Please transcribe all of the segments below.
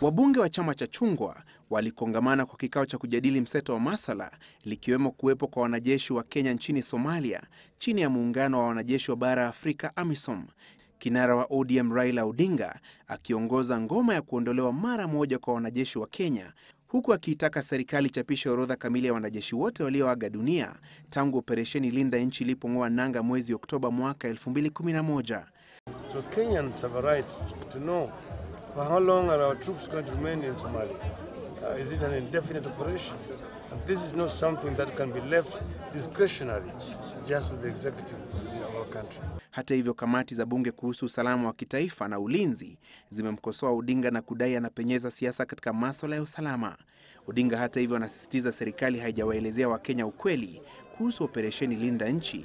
Wabunge wa chama cha chungwa walikongamana kwa kikao cha kujadili mseto wa masala likiwemo kuwepo kwa wanajeshi wa Kenya nchini Somalia chini ya muungano wa wanajeshi wa bara ya Afrika AMISOM. Kinara wa ODM Raila Odinga akiongoza ngoma ya kuondolewa mara moja kwa wanajeshi wa Kenya huku akiitaka serikali chapishe orodha kamili ya wanajeshi wote walioaga dunia tangu operesheni Linda nchi ilipong'oa nanga mwezi Oktoba mwaka 2011. So For how long are our troops going to remain in Somalia? Uh, is it an indefinite operation? And this is not something that can be left discretionary just to the executive in our country. Hata hivyo, kamati za bunge kuhusu usalama wa kitaifa na ulinzi zimemkosoa Odinga na kudai anapenyeza siasa katika maswala ya usalama. Odinga hata hivyo anasisitiza serikali haijawaelezea Wakenya ukweli kuhusu operesheni Linda Nchi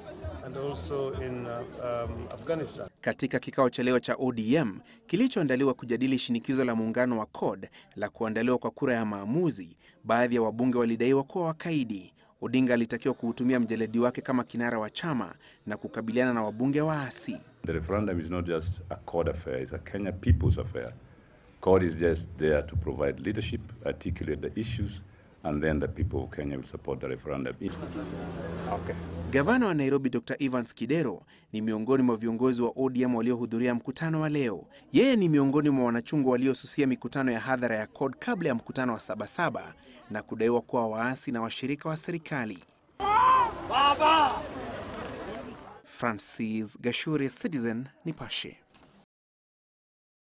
and also in, uh, um, Afghanistan. Katika kikao cha leo cha ODM kilichoandaliwa kujadili shinikizo la muungano wa CORD la kuandaliwa kwa kura ya maamuzi, baadhi ya wabunge walidaiwa kuwa wakaidi. Odinga alitakiwa kuutumia mjeledi wake kama kinara wa chama na kukabiliana na wabunge waasi. The referendum is not just a CORD affair, it's a Kenya people's affair. CORD is just there to provide leadership, articulate the issues and then the people of Kenya will support the referendum. Okay. Gavana wa Nairobi Dr. Evans Kidero ni miongoni mwa viongozi wa ODM waliohudhuria mkutano wa leo. Yeye ni miongoni mwa wanachungwa waliosusia mikutano ya hadhara ya CORD kabla ya mkutano wa Sabasaba na kudaiwa kuwa waasi na washirika wa serikali. Baba! Francis Gashure, Citizen Nipashe.